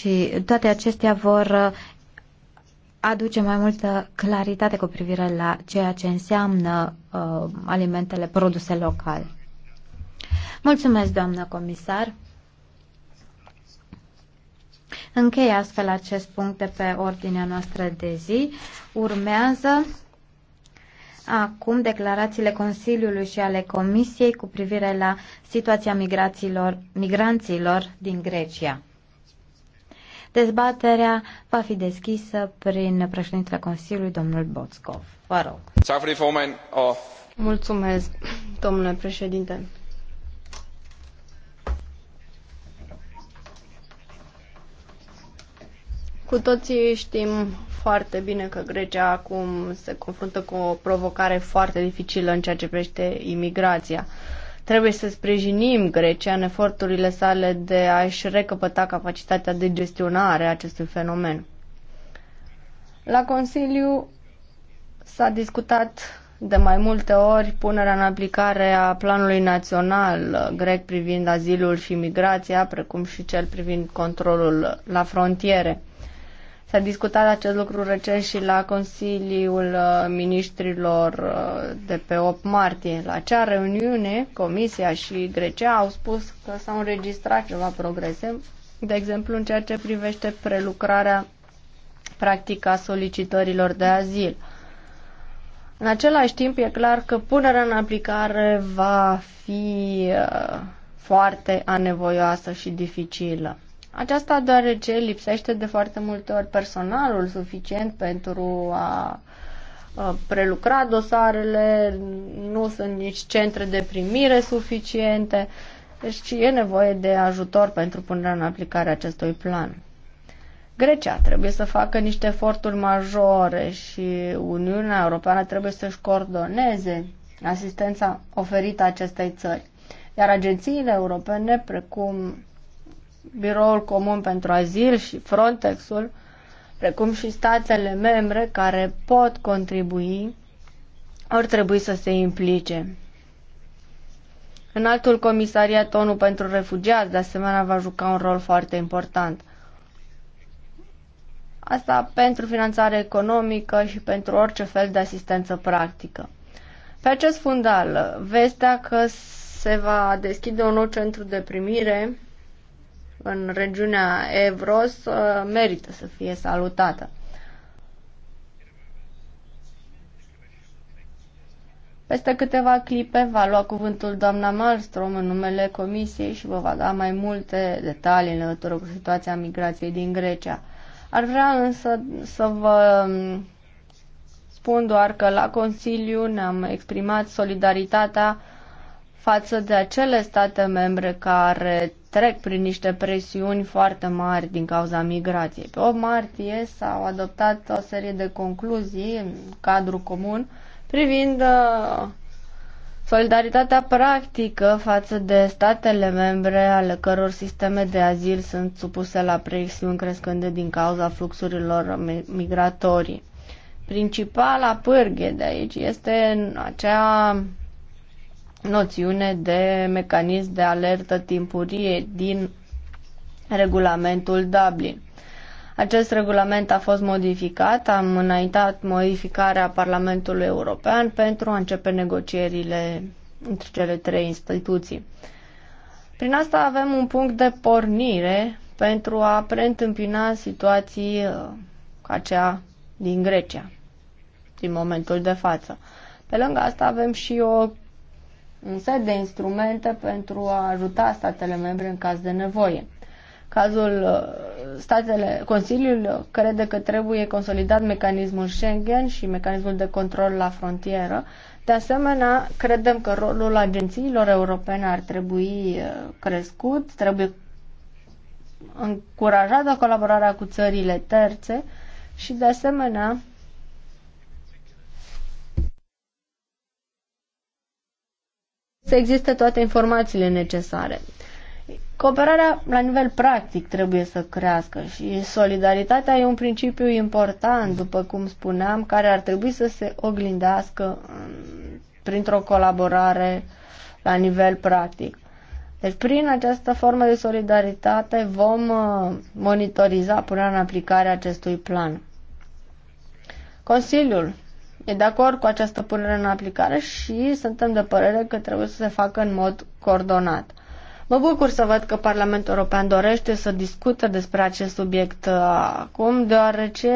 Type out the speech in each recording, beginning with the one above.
și toate acestea vor uh, aduce mai multă claritate cu privire la ceea ce înseamnă uh, alimentele produse local. Mulțumesc, doamnă comisar. Încheie astfel acest punct de pe ordinea noastră de zi. Urmează acum declarațiile Consiliului și ale Comisiei cu privire la situația migrațiilor, migranților din Grecia. Dezbaterea va fi deschisă prin președintele Consiliului, domnul Boțcov. Vă rog. Mulțumesc, domnule președinte. Cu toții știm foarte bine că Grecia acum se confruntă cu o provocare foarte dificilă în ceea ce privește imigrația. Uh, Trebuie să sprijinim Grecia în eforturile sale de a-și recăpăta capacitatea de gestionare a acestui fenomen. La Consiliu s-a discutat de mai multe ori punerea în aplicare a planului național grec privind azilul și migrația, precum și cel privind controlul la frontiere. S-a discutat acest lucru recent și la Consiliul uh, Ministrilor uh, de pe 8 martie. La acea reuniune, Comisia și Grecia au spus că s-au înregistrat ceva progrese, de exemplu în ceea ce privește prelucrarea practică a solicitărilor de azil. În același timp, e clar că punerea în aplicare va fi uh, foarte anevoioasă și dificilă. Aceasta deoarece lipsește de foarte multe ori personalul suficient pentru a prelucra dosarele, nu sunt nici centre de primire suficiente, deci e nevoie de ajutor pentru punerea în aplicare acestui plan. Grecia trebuie să facă niște eforturi majore și Uniunea Europeană trebuie să-și coordoneze asistența oferită acestei țări. Iar agențiile europene, precum Biroul Comun pentru Azil și Frontexul, precum și statele membre care pot contribui, ar trebui să se implice. În altul comisariat ONU pentru refugiați, de asemenea, va juca un rol foarte important. Asta pentru finanțare economică și pentru orice fel de asistență practică. Pe acest fundal, vestea că se va deschide un nou centru de primire în regiunea Evros uh, merită să fie salutată. Peste câteva clipe va lua cuvântul doamna Malmström în numele Comisiei și vă va da mai multe detalii în legătură cu situația migrației din Grecia. Ar vrea însă să vă um, spun doar că la Consiliu ne-am exprimat solidaritatea față de acele state membre care trec prin niște presiuni foarte mari din cauza migrației. Pe 8 martie s-au adoptat o serie de concluzii în cadrul comun privind uh, solidaritatea practică față de statele membre ale căror sisteme de azil sunt supuse la presiuni crescânde din cauza fluxurilor migratorii. Principala pârghie de aici este aceea noțiune de mecanism de alertă timpurie din regulamentul Dublin. Acest regulament a fost modificat, am înaintat modificarea Parlamentului European pentru a începe negocierile între cele trei instituții. Prin asta avem un punct de pornire pentru a preîntâmpina situații uh, ca cea din Grecia, din momentul de față. Pe lângă asta avem și o un set de instrumente pentru a ajuta statele membre în caz de nevoie. Cazul uh, statele, Consiliul uh, crede că trebuie consolidat mecanismul Schengen și mecanismul de control la frontieră. De asemenea, credem că rolul agențiilor europene ar trebui uh, crescut, trebuie încurajată colaborarea cu țările terțe și, de asemenea, să existe toate informațiile necesare. Cooperarea la nivel practic trebuie să crească și solidaritatea e un principiu important, după cum spuneam, care ar trebui să se oglindească mm, printr-o colaborare la nivel practic. Deci prin această formă de solidaritate vom uh, monitoriza punerea în aplicare acestui plan. Consiliul e de acord cu această punere în aplicare și suntem de părere că trebuie să se facă în mod coordonat. Mă bucur să văd că Parlamentul European dorește să discute despre acest subiect uh, acum, deoarece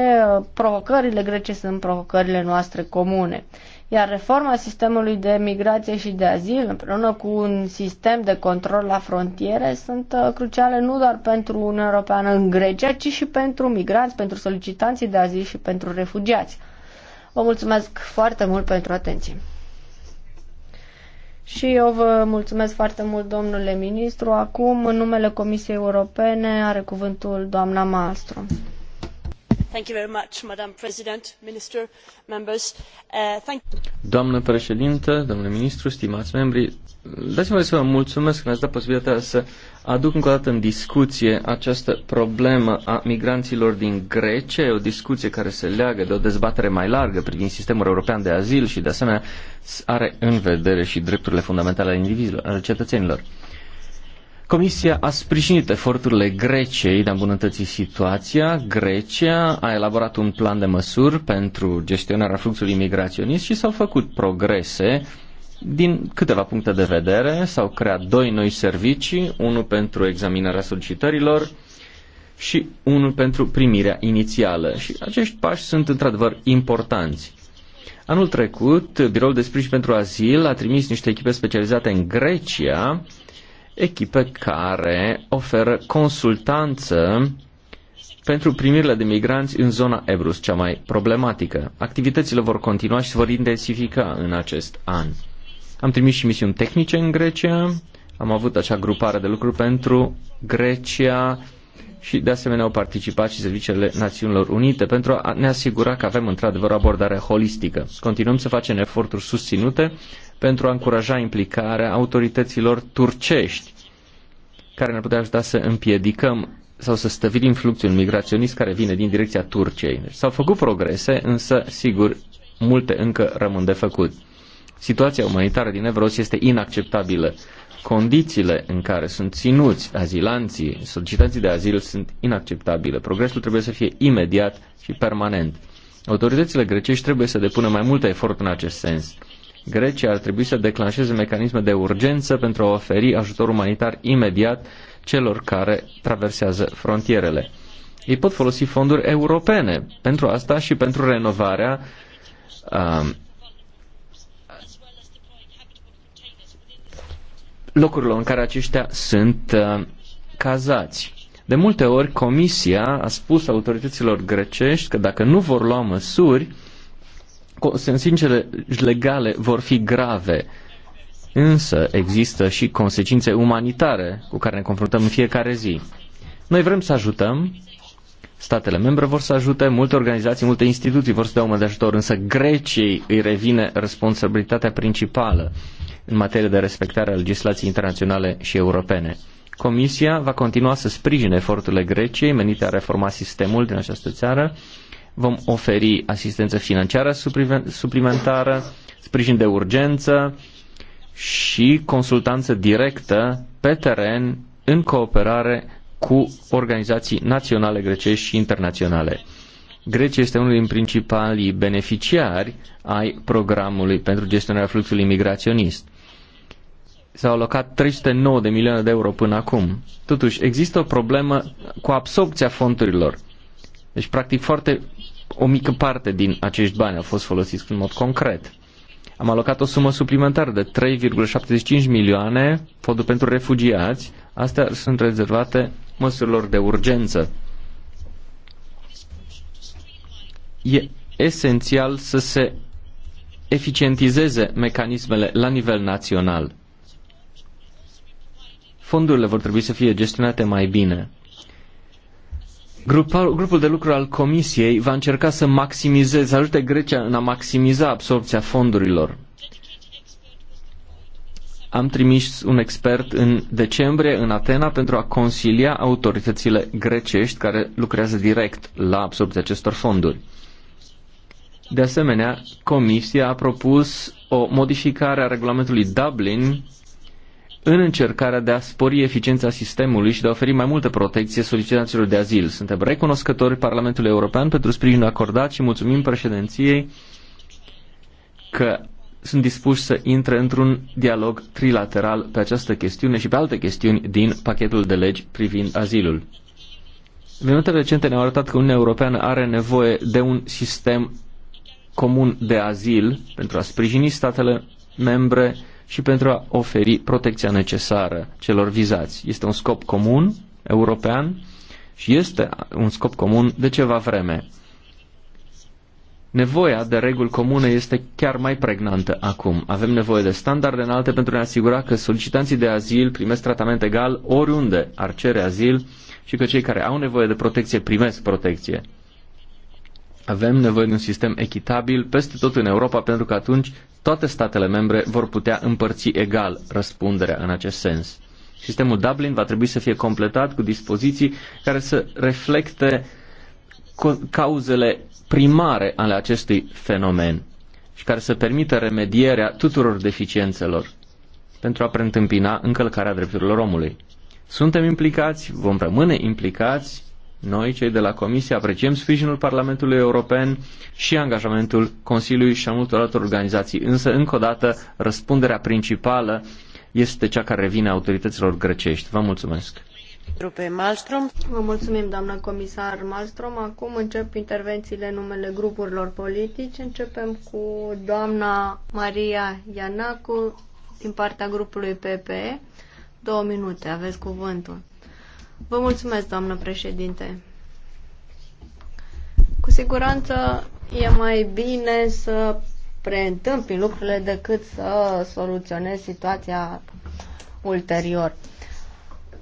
provocările grece sunt provocările noastre comune. Iar reforma sistemului de migrație și de azil, împreună cu un sistem de control la frontiere, sunt uh, cruciale nu doar pentru Uniunea Europeană în Grecia, ci și pentru migranți, pentru solicitanții de azil și pentru refugiați. Vă mulțumesc foarte mult pentru atenție. Și eu vă mulțumesc foarte mult, domnule ministru. Acum, în numele Comisiei Europene, are cuvântul doamna Maastro. Doamnă președintă, domnule ministru, stimați membri, dați-mi voie să vă mulțumesc că mi-ați dat posibilitatea să aduc încă o dată în discuție această problemă a migranților din Grecia, o discuție care se leagă de o dezbatere mai largă privind sistemul european de azil și, de asemenea, are în vedere și drepturile fundamentale ale indivizilor, ale cetățenilor. Comisia a sprijinit eforturile Greciei de a îmbunătăți situația. Grecia a elaborat un plan de măsuri pentru gestionarea fluxului migraționist și s-au făcut progrese din câteva puncte de vedere. S-au creat doi noi servicii, unul pentru examinarea solicitărilor și unul pentru primirea inițială. Și acești pași sunt într-adevăr importanți. Anul trecut, Biroul de Sprijin pentru Azil a trimis niște echipe specializate în Grecia echipe care oferă consultanță pentru primirile de migranți în zona Ebrus, cea mai problematică. Activitățile vor continua și se vor intensifica în acest an. Am trimis și misiuni tehnice în Grecia, am avut acea grupare de lucru pentru Grecia și de asemenea au participat și serviciile Națiunilor Unite pentru a ne asigura că avem într-adevăr o abordare holistică. Continuăm să facem eforturi susținute pentru a încuraja implicarea autorităților turcești, care ne-ar putea ajuta să împiedicăm sau să stăvilim fluxul migraționist care vine din direcția Turciei. Deci, s-au făcut progrese, însă, sigur, multe încă rămân de făcut. Situația umanitară din Evros este inacceptabilă. Condițiile în care sunt ținuți azilanții, solicitații de azil sunt inacceptabile. Progresul trebuie să fie imediat și permanent. Autoritățile grecești trebuie să depună mai multe efort în acest sens. Grecia ar trebui să declanșeze mecanisme de urgență pentru a oferi ajutor umanitar imediat celor care traversează frontierele. Ei pot folosi fonduri europene pentru asta și pentru renovarea um, locurilor în care aceștia sunt uh, cazați. De multe ori, Comisia a spus autorităților grecești că dacă nu vor lua măsuri, consecințele legale vor fi grave, însă există și consecințe umanitare cu care ne confruntăm în fiecare zi. Noi vrem să ajutăm, statele membre vor să ajute, multe organizații, multe instituții vor să dea o de ajutor, însă Greciei îi revine responsabilitatea principală în materie de respectare a legislației internaționale și europene. Comisia va continua să sprijine eforturile Greciei menite a reforma sistemul din această țară vom oferi asistență financiară suplimentară, sprijin de urgență și consultanță directă pe teren în cooperare cu organizații naționale grecești și internaționale. Grecia este unul din principalii beneficiari ai programului pentru gestionarea fluxului migraționist. S-au alocat 309 de milioane de euro până acum. Totuși, există o problemă cu absorpția fondurilor. Deci, practic, foarte o mică parte din acești bani au fost folosiți în mod concret. Am alocat o sumă suplimentară de 3,75 milioane fonduri pentru refugiați. Astea sunt rezervate măsurilor de urgență. E esențial să se eficientizeze mecanismele la nivel național. Fondurile vor trebui să fie gestionate mai bine. Grupul, grupul de lucru al Comisiei va încerca să maximizeze, să ajute Grecia în a maximiza absorpția fondurilor. Am trimis un expert în decembrie în Atena pentru a consilia autoritățile grecești care lucrează direct la absorbția acestor fonduri. De asemenea, Comisia a propus o modificare a regulamentului Dublin în încercarea de a spori eficiența sistemului și de a oferi mai multă protecție solicitanților de azil. Suntem recunoscători Parlamentului European pentru sprijinul acordat și mulțumim președinției că sunt dispuși să intre într-un dialog trilateral pe această chestiune și pe alte chestiuni din pachetul de legi privind azilul. Venutele recente ne-au arătat că Uniunea Europeană are nevoie de un sistem comun de azil pentru a sprijini statele membre și pentru a oferi protecția necesară celor vizați. Este un scop comun european și este un scop comun de ceva vreme. Nevoia de reguli comune este chiar mai pregnantă acum. Avem nevoie de standarde înalte pentru a ne asigura că solicitanții de azil primesc tratament egal oriunde ar cere azil și că cei care au nevoie de protecție primesc protecție. Avem nevoie de un sistem echitabil peste tot în Europa, pentru că atunci toate statele membre vor putea împărți egal răspunderea în acest sens. Sistemul Dublin va trebui să fie completat cu dispoziții care să reflecte cauzele primare ale acestui fenomen și care să permită remedierea tuturor deficiențelor pentru a preîntâmpina încălcarea drepturilor omului. Suntem implicați, vom rămâne implicați noi, cei de la Comisie, apreciem sprijinul Parlamentului European și angajamentul Consiliului și a multor alte organizații, însă, încă o dată, răspunderea principală este cea care revine autorităților grecești. Vă mulțumesc! Vă mulțumim, doamna comisar Malstrom. Acum încep intervențiile în numele grupurilor politice. Începem cu doamna Maria Ianacu din partea grupului PPE. Două minute, aveți cuvântul. Vă mulțumesc, doamnă președinte. Cu siguranță e mai bine să preîntâmpin lucrurile decât să soluționez situația ulterior.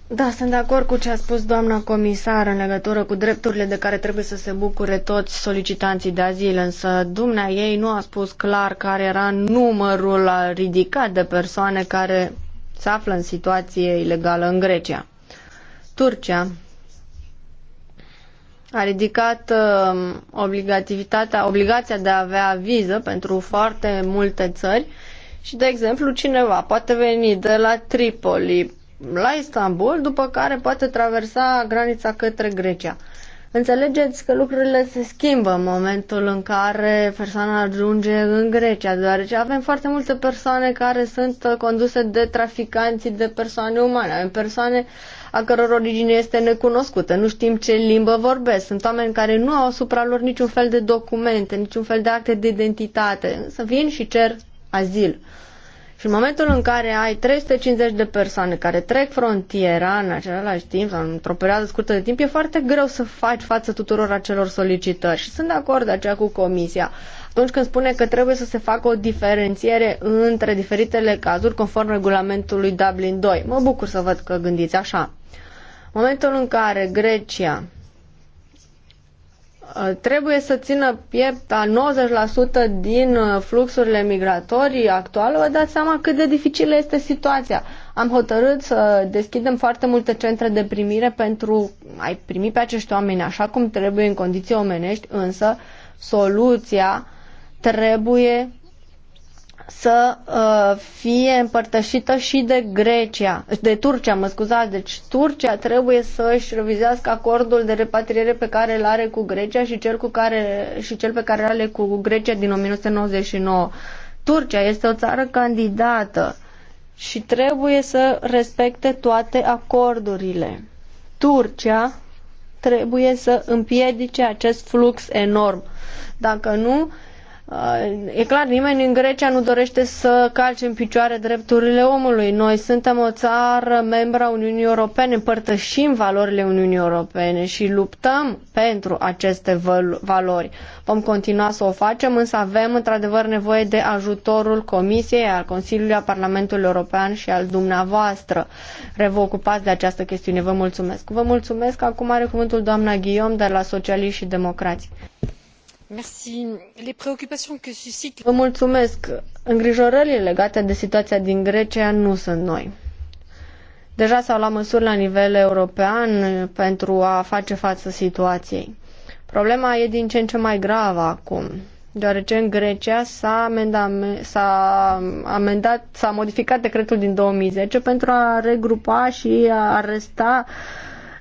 Da, sunt de acord cu ce a spus doamna comisar în legătură cu drepturile de care trebuie să se bucure toți solicitanții de azil, însă dumnea ei nu a spus clar care era numărul ridicat de persoane care se află în situație ilegală în Grecia. Turcia a ridicat uh, obligativitatea, obligația de a avea viză pentru foarte multe țări și, de exemplu, cineva poate veni de la Tripoli la Istanbul, după care poate traversa granița către Grecia. Înțelegeți că lucrurile se schimbă în momentul în care persoana ajunge în Grecia, deoarece avem foarte multe persoane care sunt uh, conduse de traficanții de persoane umane. Avem persoane a căror origine este necunoscută, nu știm ce limbă vorbesc. Sunt oameni care nu au asupra lor niciun fel de documente, niciun fel de acte de identitate, să vin și cer azil. Și în momentul în care ai 350 de persoane care trec frontiera în același timp sau într-o perioadă scurtă de timp, e foarte greu să faci față tuturor acelor solicitări. Și sunt de acord de aceea cu Comisia atunci când spune că trebuie să se facă o diferențiere între diferitele cazuri conform regulamentului Dublin 2. Mă bucur să văd că gândiți așa. Momentul în care Grecia Uh, trebuie să țină piept a 90% din uh, fluxurile migratorii actuale, vă dați seama cât de dificilă este situația. Am hotărât să deschidem foarte multe centre de primire pentru a-i primi pe acești oameni așa cum trebuie în condiții omenești, însă soluția trebuie să uh, fie împărtășită și de Grecia, de Turcia, mă scuzați, deci Turcia trebuie să își revizească acordul de repatriere pe care îl are cu Grecia și cel, cu care, și cel pe care îl are cu Grecia din 1999. Turcia este o țară candidată și trebuie să respecte toate acordurile. Turcia trebuie să împiedice acest flux enorm. Dacă nu, Uh, e clar, nimeni în Grecia nu dorește să calce în picioare drepturile omului. Noi suntem o țară membra Uniunii Europene, împărtășim valorile Uniunii Europene și luptăm pentru aceste valori. Vom continua să o facem, însă avem într-adevăr nevoie de ajutorul Comisiei, al Consiliului, a Parlamentului European și al dumneavoastră. Revocupați de această chestiune. Vă mulțumesc. Vă mulțumesc. Acum are cuvântul doamna Ghiom de la Socialiști și Democrații. Vă mulțumesc. Îngrijorările legate de situația din Grecia nu sunt noi. Deja s-au luat măsuri la nivel european pentru a face față situației. Problema e din ce în ce mai gravă acum, deoarece în Grecia s-a, s-a amendat, s-a modificat decretul din 2010 pentru a regrupa și a aresta uh,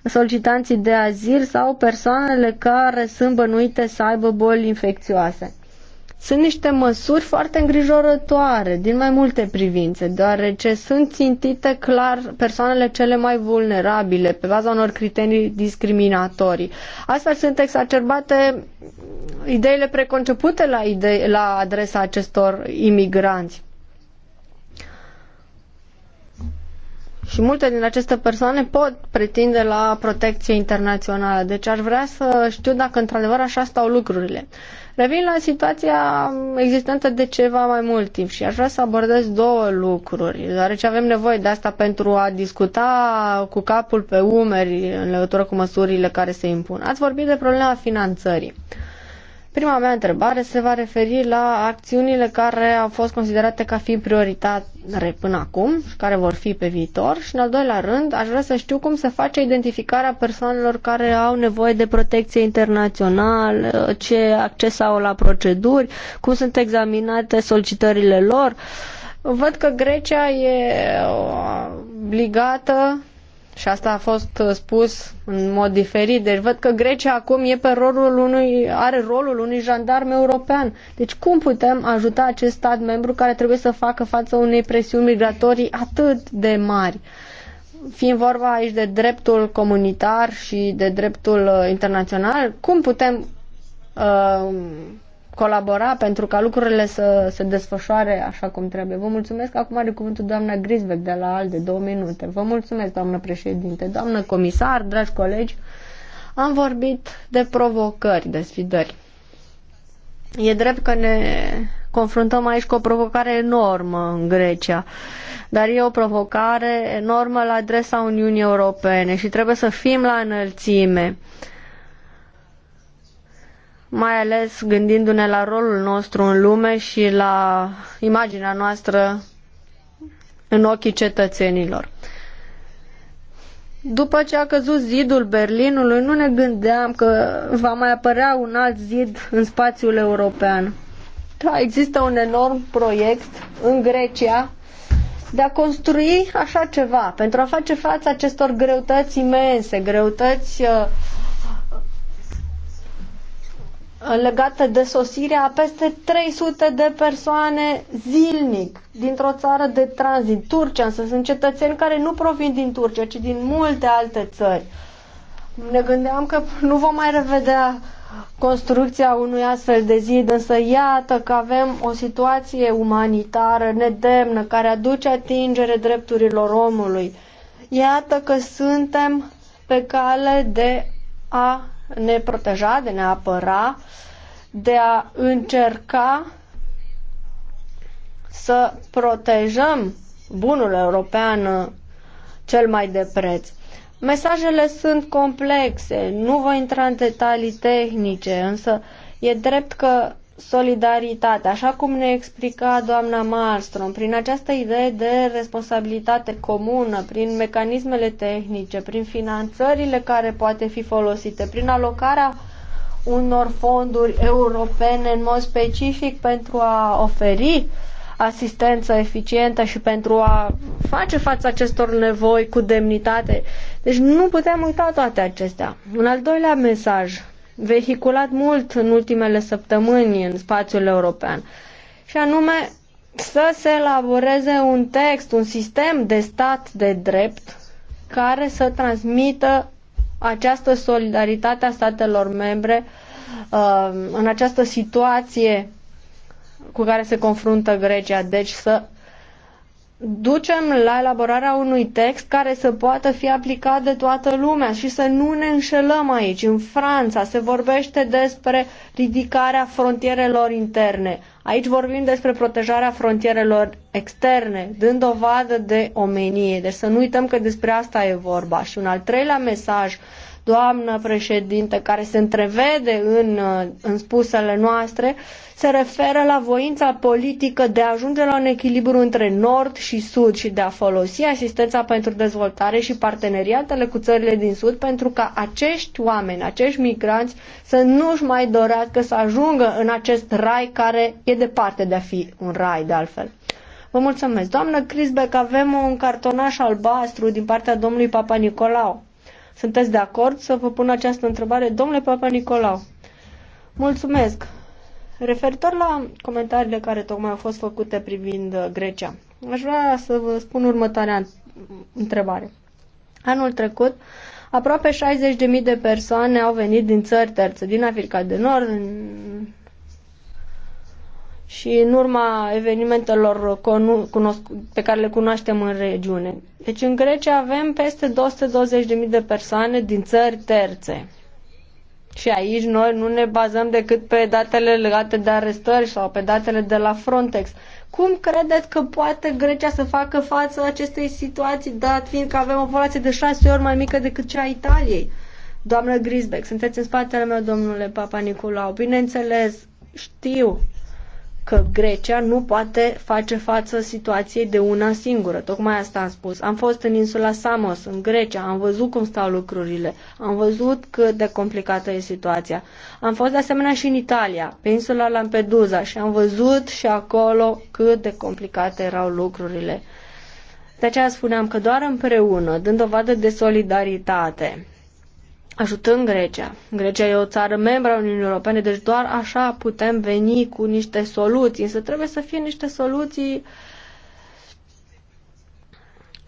solicitanții de azil sau persoanele care sunt bănuite să aibă boli infecțioase. Sunt niște măsuri foarte îngrijorătoare din mai multe privințe, deoarece sunt țintite clar persoanele cele mai vulnerabile pe baza unor criterii discriminatorii. Astfel sunt exacerbate ideile preconcepute la, idei, la adresa acestor imigranți. Și multe din aceste persoane pot pretinde la protecție internațională. Deci aș vrea să știu dacă într-adevăr așa stau lucrurile. Revin la situația existentă de ceva mai mult timp și aș vrea să abordez două lucruri, deoarece avem nevoie de asta pentru a discuta cu capul pe umeri în legătură cu măsurile care se impun. Ați vorbit de problema finanțării. Uh, Prima mea întrebare se va referi la acțiunile care au fost considerate ca fiind prioritare până acum și care vor fi pe viitor și, în al doilea rând, aș vrea să știu cum se face identificarea persoanelor care au nevoie de protecție internațională, ce acces au la proceduri, cum sunt examinate solicitările lor. Văd că Grecia e obligată și asta a fost uh, spus în mod diferit. Deci văd că Grecia acum e pe rolul unui, are rolul unui jandarm european. Deci cum putem ajuta acest stat membru care trebuie să facă față unei presiuni migratorii atât de mari? Fiind vorba aici de dreptul comunitar și de dreptul uh, internațional, cum putem uh, colabora pentru ca lucrurile să se desfășoare așa cum trebuie. Vă mulțumesc. Acum are cuvântul doamna Grisbeck de la ALDE, două minute. Vă mulțumesc, doamnă președinte, doamnă comisar, dragi colegi. Am vorbit de provocări, de sfidări. E drept că ne confruntăm aici cu o provocare enormă în Grecia, dar e o provocare enormă la adresa Uniunii Europene și trebuie să fim la înălțime. Uh, mai ales gândindu-ne la rolul nostru în lume și la imaginea noastră în ochii cetățenilor. După ce a căzut zidul Berlinului, nu ne gândeam că va mai apărea un alt zid în spațiul european. Da, există un enorm proiect în Grecia de a construi așa ceva, pentru a face față acestor greutăți imense, greutăți uh, Uh, legată de sosirea a peste 300 de persoane zilnic dintr-o țară de tranzit, Turcia, însă sunt cetățeni care nu provin din Turcia, ci din multe alte țări. Ne gândeam că nu vom mai revedea construcția unui astfel de zid, însă iată că avem o situație umanitară nedemnă care aduce atingere drepturilor omului. Iată că suntem pe cale de a ne proteja, de ne apăra, de a încerca să protejăm bunul european uh, cel mai de preț. Mesajele sunt complexe, nu voi intra în detalii tehnice, însă e drept că solidaritate, așa cum ne explica doamna Malmström, prin această idee de responsabilitate comună, prin mecanismele tehnice, prin finanțările care poate fi folosite, prin alocarea unor fonduri europene în mod specific pentru a oferi asistență eficientă și pentru a face față acestor nevoi cu demnitate. Deci nu putem uita toate acestea. Un al doilea mesaj vehiculat mult în ultimele săptămâni în spațiul european. Și anume să se elaboreze un text, un sistem de stat de drept care să transmită această solidaritate a statelor membre uh, în această situație cu care se confruntă Grecia, deci să ducem la elaborarea unui text care să poată fi aplicat de toată lumea și să nu ne înșelăm aici. În Franța se vorbește despre ridicarea frontierelor interne. Aici vorbim despre protejarea frontierelor externe, dând dovadă de omenie. Deci să nu uităm că despre asta e vorba. Și un al treilea mesaj doamnă președinte, care se întrevede în, uh, în spusele noastre, se referă la voința politică de a ajunge la un echilibru între nord și sud și de a folosi asistența pentru dezvoltare și parteneriatele cu țările din sud pentru ca acești oameni, acești migranți să nu-și mai dorească să ajungă în acest rai care e departe de a fi un rai de altfel. Vă mulțumesc. Doamnă Crisbeck, avem un cartonaș albastru din partea domnului Papa Nicolau. Sunteți de acord să vă pun această întrebare, domnule Papa Nicolau? Mulțumesc. Referitor la comentariile care tocmai au fost făcute privind uh, Grecia, aș vrea să vă spun următoarea întrebare. Anul trecut, aproape 60.000 de persoane au venit din țări terțe, din Africa de Nord, și în urma evenimentelor pe care le cunoaștem în regiune. Deci în Grecia avem peste 220.000 de persoane din țări terțe. Și aici noi nu ne bazăm decât pe datele legate de arestări sau pe datele de la Frontex. Cum credeți că poate Grecia să facă față acestei situații, dat fiind că avem o populație de șase ori mai mică decât cea a Italiei? Doamnă Grisbeck, sunteți în spatele meu, domnule Papa Nicolau. Bineînțeles, știu că Grecia nu poate face față situației de una singură. Tocmai asta am spus. Am fost în insula Samos, în Grecia, am văzut cum stau lucrurile, am văzut cât de complicată e situația. Am fost de asemenea și în Italia, pe insula Lampedusa și am văzut și acolo cât de complicate erau lucrurile. De aceea spuneam că doar împreună, dând dovadă de solidaritate, ajutând Grecia. Grecia e o țară membra a Uniunii Europene, deci doar așa putem veni cu niște soluții. Însă trebuie să fie niște soluții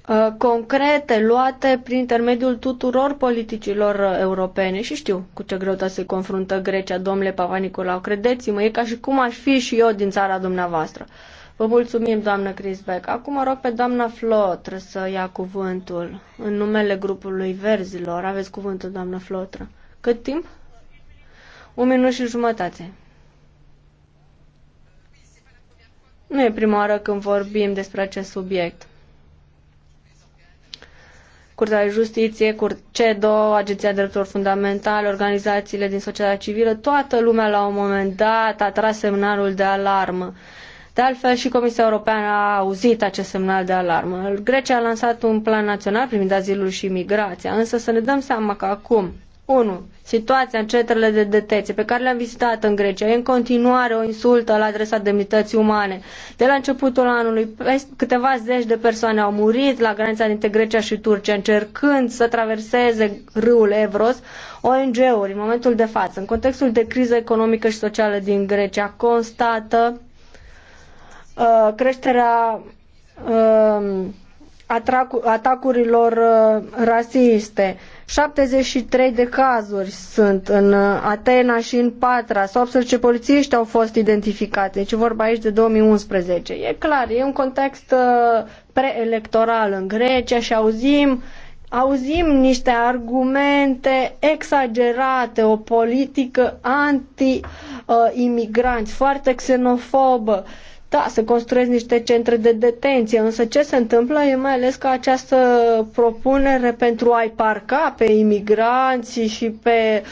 uh, concrete, luate prin intermediul tuturor politicilor uh, europene și știu cu ce greutate se confruntă Grecia, domnule Papa Nicolau. Credeți-mă, e ca și cum aș fi și eu din țara dumneavoastră. Uh, Vă mulțumim, doamnă Crisbeck. Acum mă rog pe doamna Flotră să ia cuvântul în numele grupului Verzilor. Aveți cuvântul, doamnă Flotră. Cât timp? Un minut și jumătate. Nu e prima oară când vorbim despre acest subiect. Curtea de Justiție, CEDO, Agenția Drepturilor Fundamentale, organizațiile din societatea civilă, toată lumea la un moment dat a tras semnalul de alarmă. De altfel, și Comisia Europeană a auzit acest semnal de alarmă. Grecia a lansat un plan național privind azilul și migrația, însă să ne dăm seama că acum 1. Situația în centrele de detenție pe care le-am vizitat în Grecia e în continuare o insultă la adresa demnității umane. De la începutul anului, câteva zeci de persoane au murit la granița dintre Grecia și Turcia, încercând să traverseze râul Evros. ONG-uri, în momentul de față, în contextul de criză economică și socială din Grecia, constată uh, creșterea uh, atacurilor uh, rasiste. 73 de cazuri sunt în uh, Atena și în Patra. 18 polițiști au fost identificați. Deci vorba aici de 2011. E clar, e un context uh, preelectoral în Grecia și auzim auzim niște argumente exagerate, o politică anti-imigranți, uh, foarte xenofobă. Uh, da, se construiesc niște centre de detenție, însă ce se întâmplă e mai ales că această propunere pentru a-i parca pe imigranți și pe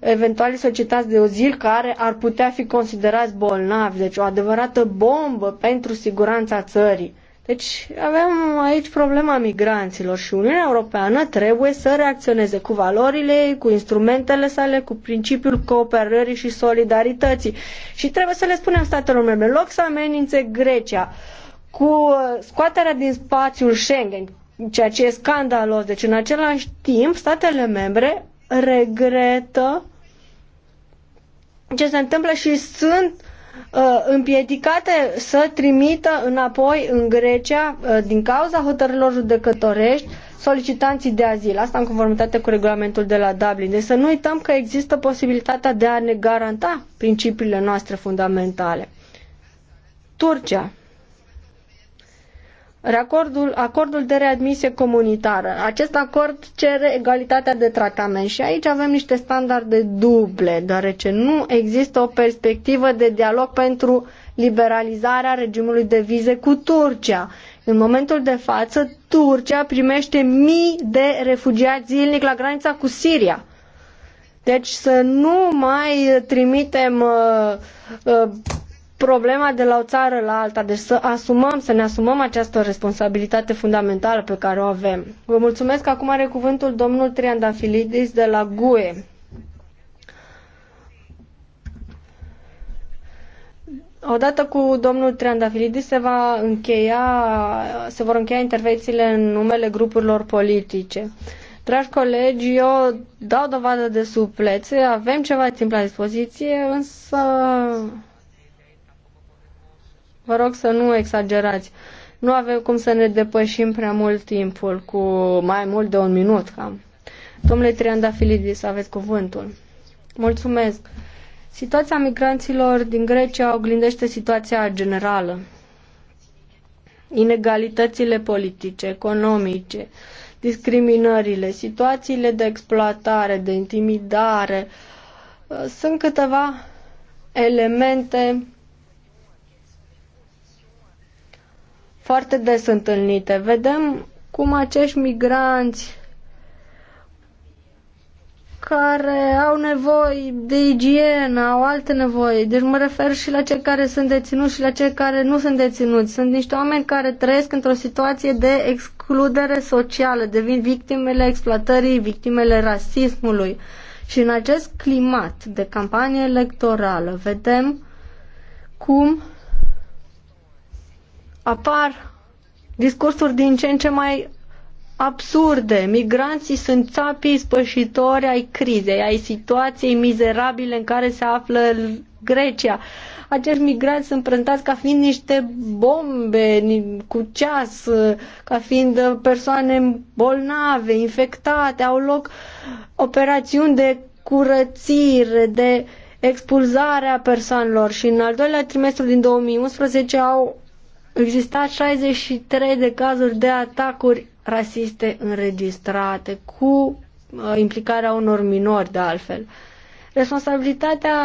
eventualii societăți de ozil care ar putea fi considerați bolnavi, deci o adevărată bombă pentru siguranța țării. Deci avem aici problema migranților și Uniunea Europeană trebuie să reacționeze cu valorile, cu instrumentele sale, cu principiul cooperării și solidarității. Și trebuie să le spunem statelor membre, în loc să amenințe Grecia cu uh, scoaterea din spațiul Schengen, ceea ce e scandalos. Deci în același timp statele membre regretă ce se întâmplă și sunt Uh, împiedicate să trimită înapoi în Grecia, uh, din cauza hotărârilor judecătorești, solicitanții de azil. Asta în conformitate cu regulamentul de la Dublin. Deci să nu uităm că există posibilitatea de a ne garanta principiile noastre fundamentale. Turcia acordul, acordul de readmisie comunitară. Acest acord cere egalitatea de tratament și aici avem niște standarde duble, deoarece nu există o perspectivă de dialog pentru liberalizarea regimului de vize cu Turcia. În momentul de față, Turcia primește mii de refugiați zilnic la granița cu Siria. Deci să nu mai trimitem uh, uh, problema de la o țară la alta, deci să asumăm, să ne asumăm această responsabilitate fundamentală pe care o avem. Vă mulțumesc. că Acum are cuvântul domnul Triandafilidis de la GUE. Odată cu domnul Triandafilidis se, va încheia, se vor încheia intervențiile în numele grupurilor politice. Dragi colegi, eu dau dovadă de suplețe, avem ceva timp la dispoziție, însă Vă rog să nu exagerați. Nu avem cum să ne depășim prea mult timpul, cu mai mult de un minut cam. Domnule Triandafilidis, aveți cuvântul. Mulțumesc. Situația migranților din Grecia oglindește situația generală. Inegalitățile politice, economice, discriminările, situațiile de exploatare, de intimidare, uh, sunt câteva elemente foarte des întâlnite. Vedem cum acești migranți care au nevoie de igienă, au alte nevoi. Deci mă refer și la cei care sunt deținuți și la cei care nu sunt deținuți. Sunt niște oameni care trăiesc într-o situație de excludere socială, devin victimele exploatării, victimele rasismului. Și în acest climat de campanie electorală vedem cum apar discursuri din ce în ce mai absurde. Migranții sunt țapii spășitori ai crizei, ai situației mizerabile în care se află Grecia. Acești migranți sunt prezentați ca fiind niște bombe cu ceas, ca fiind persoane bolnave, infectate, au loc operațiuni de curățire, de expulzare a persoanelor și în al doilea trimestru din 2011 au Exista 63 de cazuri de atacuri rasiste înregistrate cu uh, implicarea unor minori de altfel. Responsabilitatea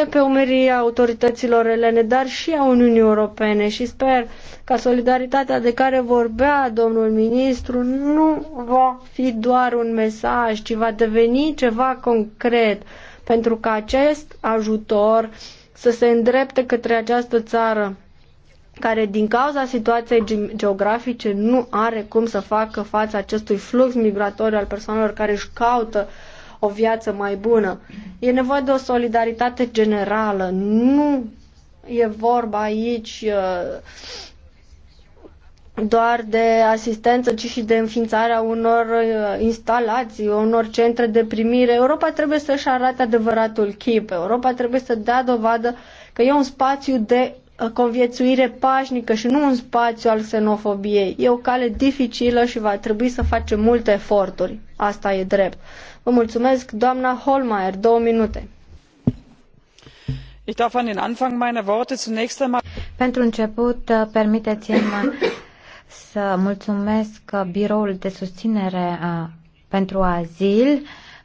e pe umerii autorităților elene, dar și a Uniunii Europene și sper că solidaritatea de care vorbea domnul ministru nu va fi doar un mesaj, ci va deveni ceva concret, pentru că acest ajutor să se îndrepte către această țară care din cauza situației geografice nu are cum să facă față acestui flux migratoriu al persoanelor care își caută o viață mai bună. E nevoie de o solidaritate generală. Nu e vorba aici uh, doar de asistență, ci și de înființarea unor uh, instalații, unor centre de primire. Europa trebuie să-și arate adevăratul chip. Europa trebuie să dea dovadă că e un spațiu de conviețuire pașnică și nu un spațiu al xenofobiei. E o cale dificilă și va trebui să facem multe eforturi. Asta e drept. Vă mulțumesc, doamna Holmeier, două minute. Ich darf an den Anfang meiner Worte zunächst einmal Pentru început, uh, permiteți-mi uh, să mulțumesc uh, biroul de susținere pentru azil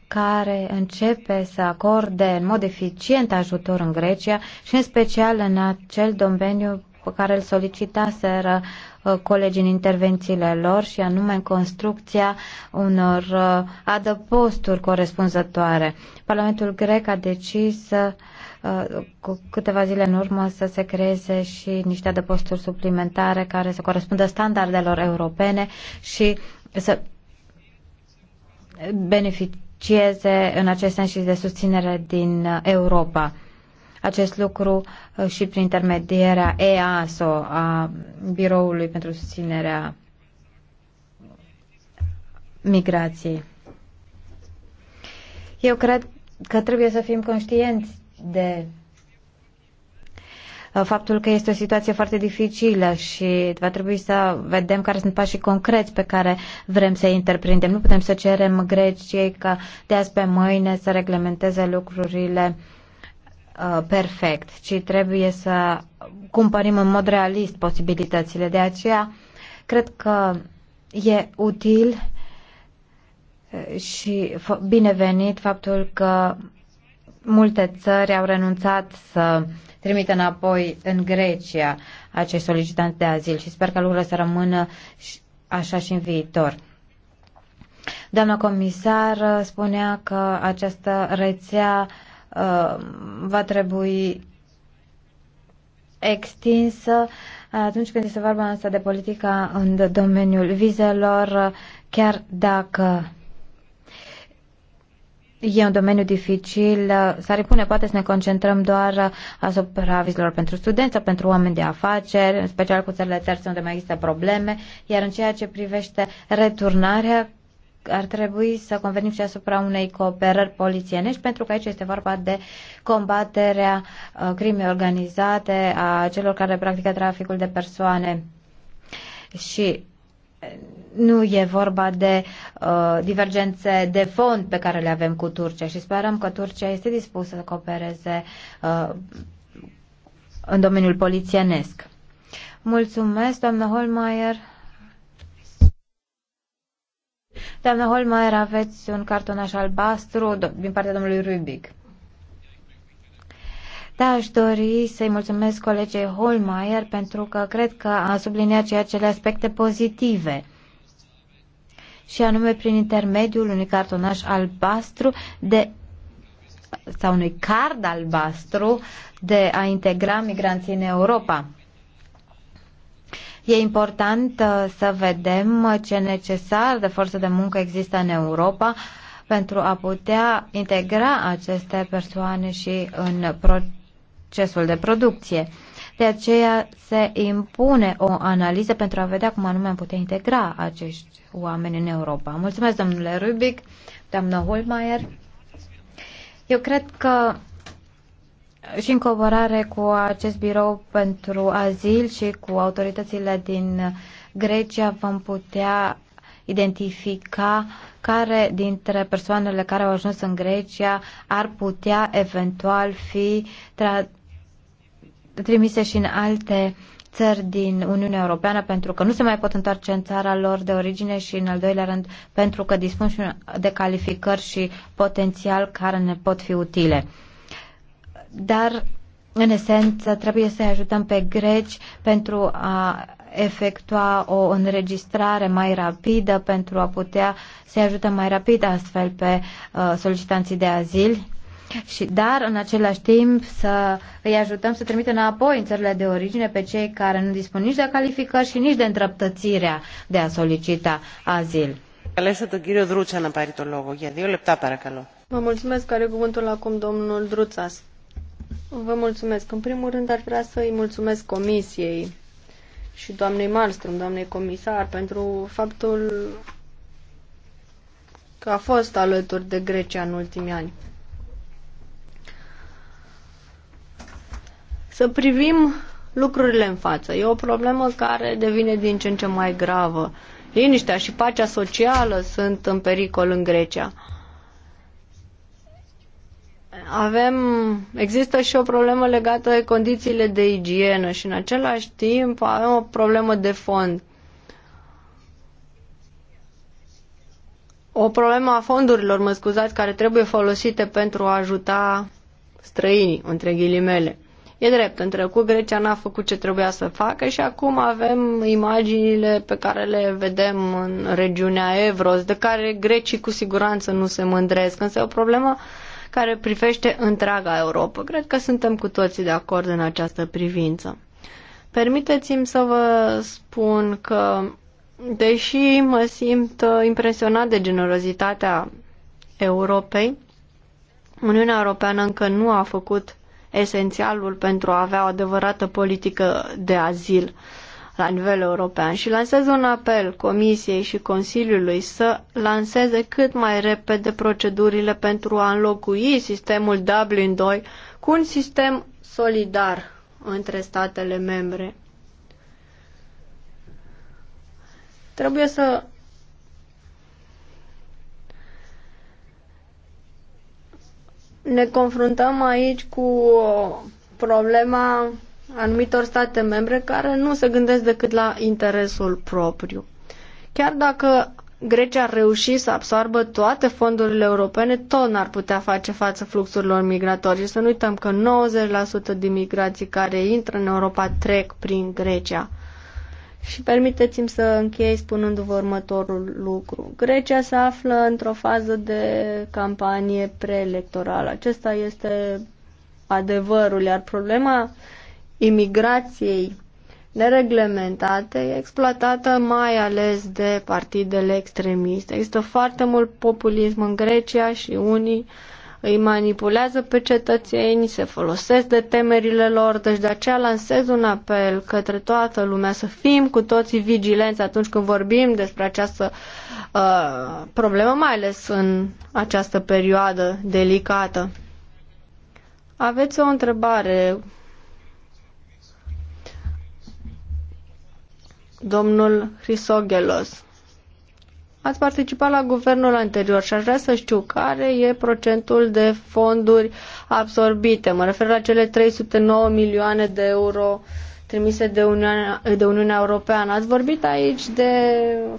care începe să acorde în mod eficient ajutor în Grecia și în special în acel domeniu pe care îl solicitaseră uh, colegii în intervențiile lor și anume în construcția unor uh, adăposturi corespunzătoare. Parlamentul grec a decis uh, cu câteva zile în urmă să se creeze și niște adăposturi suplimentare care să corespundă standardelor europene și să beneficieze beneficieze în acest sens și de susținere din uh, Europa. Acest lucru uh, și prin intermedierea EASO a Biroului pentru susținerea migrației. Eu cred că trebuie să fim conștienți de Uh, faptul că este o situație foarte dificilă și va trebui să vedem care sunt pașii concreți pe care vrem să-i întreprindem. Nu putem să cerem Greciei ca de azi pe mâine să reglementeze lucrurile uh, perfect, ci trebuie să cumpărim în mod realist posibilitățile. De aceea, cred că e util uh, și binevenit faptul că multe țări au renunțat să trimite înapoi în Grecia acest solicitanți de azil și sper că lucrurile să rămână așa și în viitor. Doamna comisar uh, spunea că această rețea uh, va trebui extinsă atunci când este vorba asta de politica în domeniul vizelor, chiar dacă E un domeniu dificil. S-ar pune poate să ne concentrăm doar asupra vizelor pentru studenți sau pentru oameni de afaceri, în special cu țările terțe unde mai există probleme, iar în ceea ce privește returnarea, ar trebui să convenim și asupra unei cooperări polițienești, pentru că aici este vorba de combaterea uh, crimei organizate, a celor care practică traficul de persoane. Și nu e vorba de uh, divergențe de fond pe care le avem cu Turcia și sperăm că Turcia este dispusă să coopereze uh, în domeniul polițienesc. Mulțumesc, doamnă Holmeier. Doamnă Holmeier, aveți un cartonaș albastru din partea domnului Rubic. Da, aș dori să-i mulțumesc colegei Holmeier pentru că cred că a subliniat ceea ce aspecte pozitive și anume prin intermediul unui cartonaș albastru de sau unui card albastru de a integra migranții în Europa. E important uh, să vedem ce necesar de forță de muncă există în Europa pentru a putea integra aceste persoane și în procesul de producție. De aceea se impune o analiză pentru a vedea cum anume am putea integra acești oameni în Europa. Mulțumesc, domnule Rubic, doamnă Holmeier. Eu cred că și în cooperare cu acest birou pentru azil și cu autoritățile din Grecia vom putea identifica care dintre persoanele care au ajuns în Grecia ar putea eventual fi tra- trimise și în alte țări din Uniunea Europeană pentru că nu se mai pot întoarce în țara lor de origine și în al doilea rând pentru că dispun și de calificări și potențial care ne pot fi utile. Dar în esență, trebuie să-i ajutăm pe greci pentru a efectua o înregistrare mai rapidă, pentru a putea să-i ajutăm mai rapid astfel pe uh, solicitanții de azil și, dar în același timp să îi ajutăm să trimită înapoi în țările de origine pe cei care nu dispun nici de calificări și nici de întreptățirea de a solicita azil. Vă mulțumesc, are cuvântul acum domnul Druțas. Vă mulțumesc. În primul rând ar vrea să îi mulțumesc comisiei și doamnei Malmström, doamnei comisar, pentru faptul că a fost alături de Grecia în ultimii ani. să privim lucrurile în față. E o problemă care devine din ce în ce mai gravă. Liniștea și pacea socială sunt în pericol în Grecia. Avem, există și o problemă legată de condițiile de igienă și în același timp avem o problemă de fond. O problemă a fondurilor, mă scuzați, care trebuie folosite pentru a ajuta străinii, între ghilimele. E drept, în trecut Grecia n-a făcut ce trebuia să facă și acum avem imaginile pe care le vedem în regiunea Evros, de care grecii cu siguranță nu se mândresc, însă e o problemă care privește întreaga Europa. Cred că suntem cu toții de acord în această privință. Permiteți-mi să vă spun că, deși mă simt uh, impresionat de generozitatea Europei, Uniunea Europeană încă nu a făcut esențialul pentru a avea o adevărată politică de azil la nivel european și lansez un apel Comisiei și Consiliului să lanseze cât mai repede procedurile pentru a înlocui sistemul Dublin 2 cu un sistem solidar între statele membre. Trebuie să ne confruntăm aici cu problema anumitor state membre care nu se gândesc decât la interesul propriu. Chiar dacă Grecia ar reuși să absorbă toate fondurile europene, tot n-ar putea face față fluxurilor migratorii. Să nu uităm că 90% din migrații care intră în Europa trec prin Grecia. Și permiteți-mi să închei spunându-vă următorul lucru. Grecia se află într-o fază de campanie preelectorală. Acesta este adevărul, iar problema imigrației nereglementate, e exploatată mai ales de partidele extremiste. Există foarte mult populism în Grecia și unii uh, îi manipulează pe cetățeni, se folosesc de temerile lor, deci de aceea lansez un apel către toată lumea să fim cu toții vigilenți atunci când vorbim despre această uh, problemă, mai ales în această perioadă delicată. Aveți o întrebare? Domnul Hrisogelos. Ați participat la guvernul anterior și aș vrea să știu care e procentul de fonduri absorbite. Mă refer la cele 309 milioane de euro trimise de Uniunea, de Uniunea Europeană. Ați vorbit aici de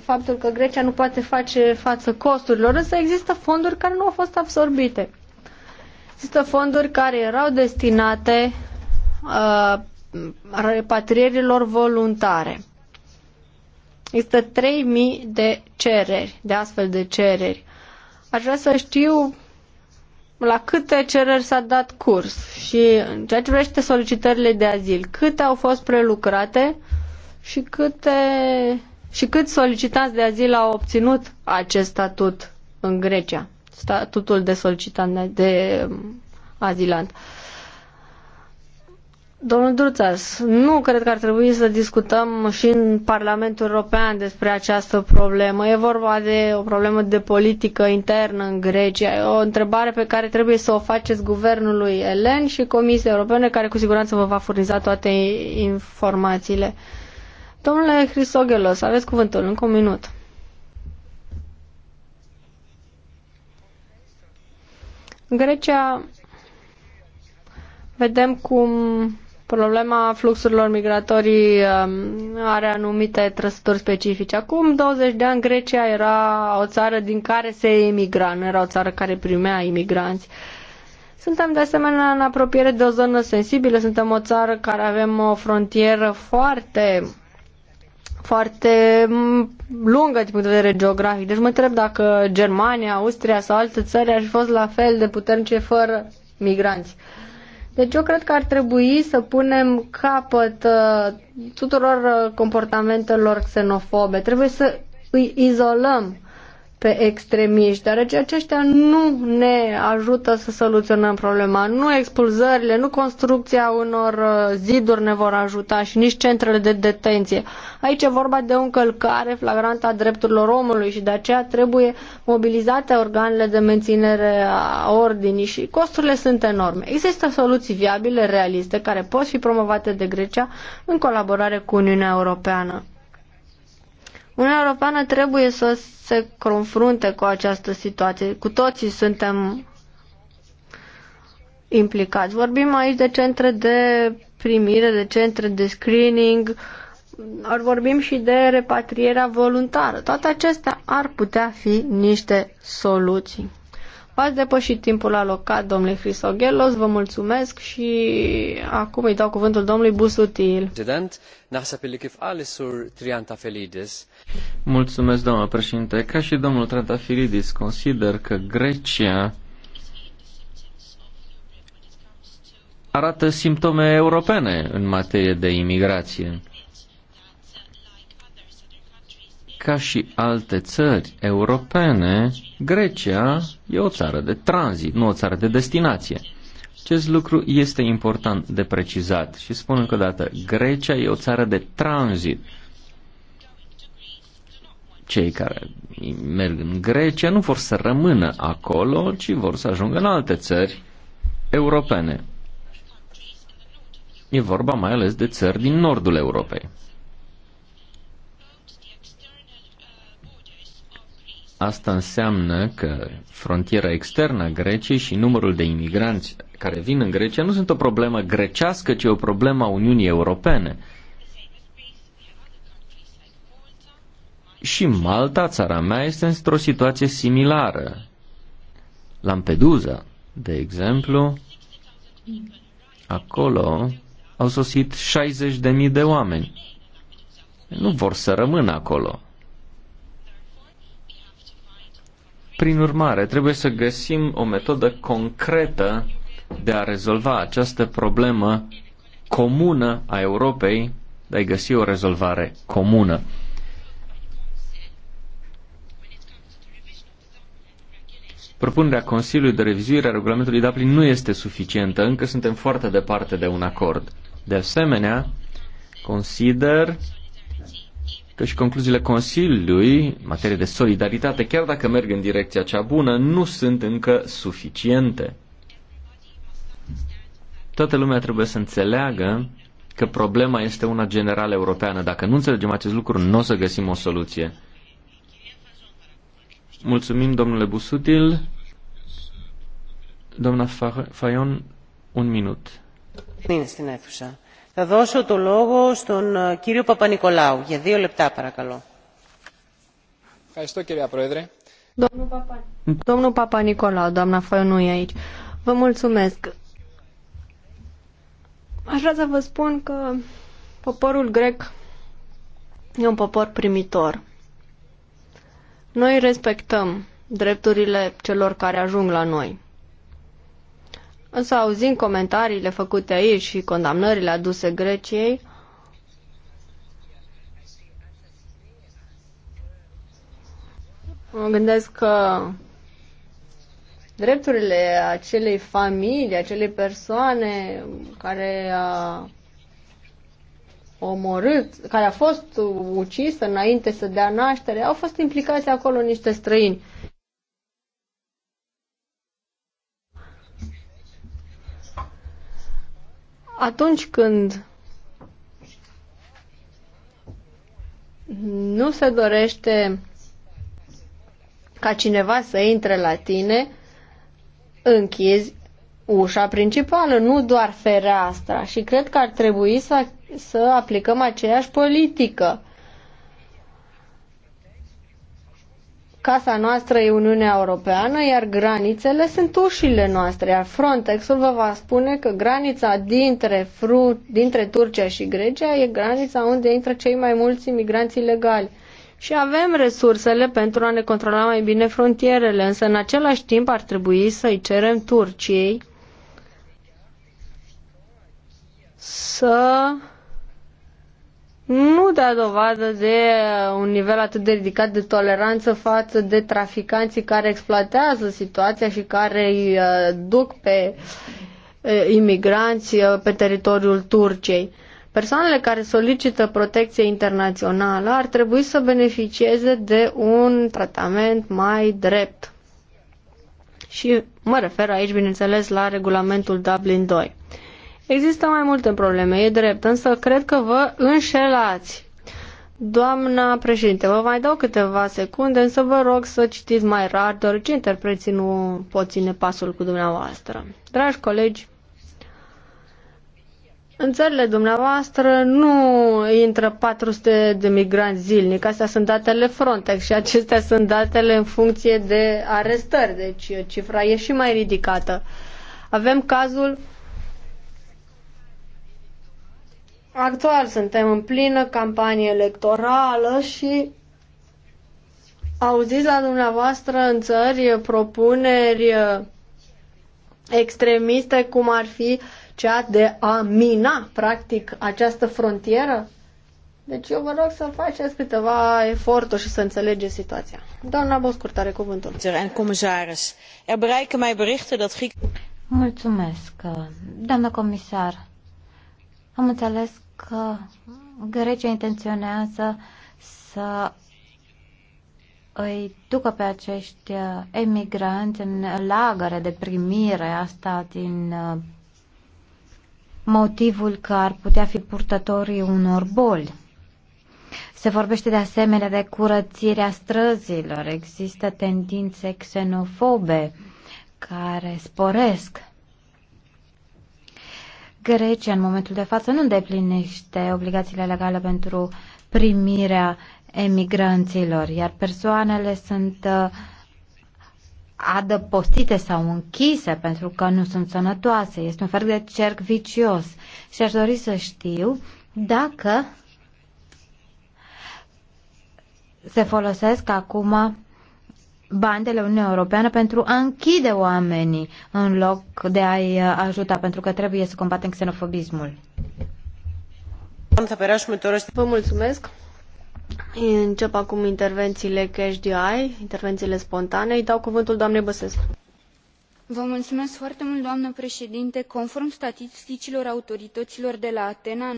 faptul că Grecia nu poate face față costurilor, însă există fonduri care nu au fost absorbite. Există fonduri care erau destinate uh, repatrierilor voluntare. Există 3.000 de cereri, de astfel de cereri. Aș vrea să știu la câte cereri s-a dat curs și în ceea ce vrește solicitările de azil, câte au fost prelucrate și câte și cât solicitanți de azil au obținut acest statut în Grecia, statutul de solicitant de um, azilant. Domnul Druțas, nu cred că ar trebui să discutăm și în Parlamentul European despre această problemă. E vorba de o problemă de politică internă în Grecia. E o întrebare pe care trebuie să o faceți guvernului elen și Comisiei Europene, care cu siguranță vă va furniza toate informațiile. Domnule Hrisogelos, aveți cuvântul, încă un minut. Grecia vedem cum Problema fluxurilor migratorii um, are anumite trăsături specifice. Acum 20 de ani Grecia era o țară din care se emigra, nu era o țară care primea imigranți. Suntem de asemenea în apropiere de o zonă sensibilă, suntem o țară care avem o frontieră foarte foarte mm, lungă din punct de vedere geografic. Deci mă întreb dacă Germania, Austria sau alte țări ar fi fost la fel de puternice fără migranți. Deci eu cred că ar trebui să punem capăt uh, tuturor uh, comportamentelor xenofobe. Trebuie să îi izolăm pe extremiști, deoarece aceștia nu ne ajută să soluționăm problema. Nu expulzările, nu construcția unor uh, ziduri ne vor ajuta și nici centrele de detenție. Aici e vorba de o încălcare flagrantă a drepturilor omului și de aceea trebuie mobilizate organele de menținere a ordinii și costurile sunt enorme. Există soluții viabile, realiste, care pot fi promovate de Grecia în colaborare cu Uniunea Europeană. Uniunea Europeană trebuie să se confrunte cu această situație. Cu toții suntem implicați. Vorbim aici de centre de primire, de centre de screening, ar vorbim și de repatrierea voluntară. Toate acestea ar putea fi niște soluții. V-ați depășit timpul alocat, domnule Hrisoghelos, vă mulțumesc și acum îi dau cuvântul domnului Busutil. Mulțumesc, doamnă președinte. Ca și domnul Trantafilidis, consider că Grecia arată simptome europene în materie de imigrație. ca și alte țări europene, Grecia e o țară de tranzit, nu o țară de destinație. Acest lucru este important de precizat și spun încă o dată, Grecia e o țară de tranzit. Cei care merg în Grecia nu vor să rămână acolo, ci vor să ajungă în alte țări europene. E vorba mai ales de țări din nordul Europei. Asta înseamnă că frontiera externă a Greciei și numărul de imigranți care vin în Grecia nu sunt o problemă grecească, ci o problemă a Uniunii Europene. Și Malta, țara mea, este într-o situație similară. Lampedusa, de exemplu, acolo au sosit 60.000 de oameni. Nu vor să rămână acolo. Prin urmare, trebuie să găsim o metodă concretă de a rezolva această problemă comună a Europei, de a găsi o rezolvare comună. Propunerea Consiliului de revizuire a regulamentului Dublin nu este suficientă, încă suntem foarte departe de un acord. De asemenea, consider că și concluziile Consiliului în materie de solidaritate, chiar dacă merg în direcția cea bună, nu sunt încă suficiente. Toată lumea trebuie să înțeleagă că problema este una generală europeană. Dacă nu înțelegem acest lucru, nu o să găsim o soluție. Mulțumim, domnule Busutil. Doamna Fayon, un minut. Bine, este Θα δώσω Domnul, Papa, doamna nu e aici. Vă mulțumesc. Aș vrea să vă spun că poporul grec e un popor primitor. Noi respectăm drepturile celor care ajung la noi. Însă auzind comentariile făcute aici și condamnările aduse Greciei, mă gândesc că drepturile acelei familii, acelei persoane care a omorât, care a fost ucisă înainte să dea naștere, au fost implicați acolo niște străini. Atunci când nu se dorește ca cineva să intre la tine, închizi ușa principală, nu doar fereastra. Și cred că ar trebui să, să aplicăm aceeași politică. Casa noastră e Uniunea Europeană, iar granițele sunt ușile noastre, iar Frontexul vă va spune că granița dintre, Fru, dintre Turcia și Grecia e granița unde intră cei mai mulți imigranți ilegali. Și avem resursele pentru a ne controla mai bine frontierele, însă în același timp ar trebui să-i cerem Turciei să nu da dovadă de un nivel atât de ridicat de toleranță față de traficanții care exploatează situația și care îi uh, duc pe uh, imigranți uh, pe teritoriul Turciei. Persoanele care solicită protecție internațională ar trebui să beneficieze de un tratament mai drept. Și mă refer aici, bineînțeles, la regulamentul Dublin 2. Există mai multe probleme, e drept, însă cred că vă înșelați. Doamna președinte, vă mai dau câteva secunde, însă vă rog să citiți mai rar, deoarece interpreții nu pot ține pasul cu dumneavoastră. Dragi colegi, în țările dumneavoastră nu intră 400 de migranți zilnic, astea sunt datele Frontex și acestea sunt datele în funcție de arestări, deci cifra e și mai ridicată. Avem cazul Actual suntem în plină campanie electorală și auziți la dumneavoastră în țări propuneri extremiste cum ar fi cea de a mina, practic, această frontieră? Deci eu vă rog să faceți câteva eforturi și să înțelegeți situația. Doamna Boscurt are cuvântul. er Mulțumesc, doamnă comisar. Am înțeles că Grecia intenționează să îi ducă pe acești uh, emigranți în lagăre de primire, asta din uh, motivul că ar putea fi purtătorii unor boli. Se vorbește de asemenea de curățirea străzilor. Există tendințe xenofobe care sporesc Grecia în momentul de față nu îndeplinește obligațiile legale pentru primirea emigranților, iar persoanele sunt uh, adăpostite sau închise pentru că nu sunt sănătoase. Este un fel de cerc vicios și aș dori să știu dacă se folosesc acum bani de la Uniunea Europeană pentru a închide oamenii în loc de a-i uh, ajuta, pentru că trebuie să combatem xenofobismul. Vă mulțumesc. Încep acum intervențiile cash DI, intervențiile spontane. Îi dau cuvântul doamnei Băsescu. Vă mulțumesc foarte mult, doamnă președinte. Conform statisticilor autorităților de la Atena,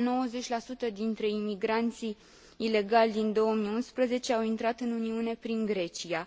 90% dintre imigranții ilegali din 2011 au intrat în Uniune prin Grecia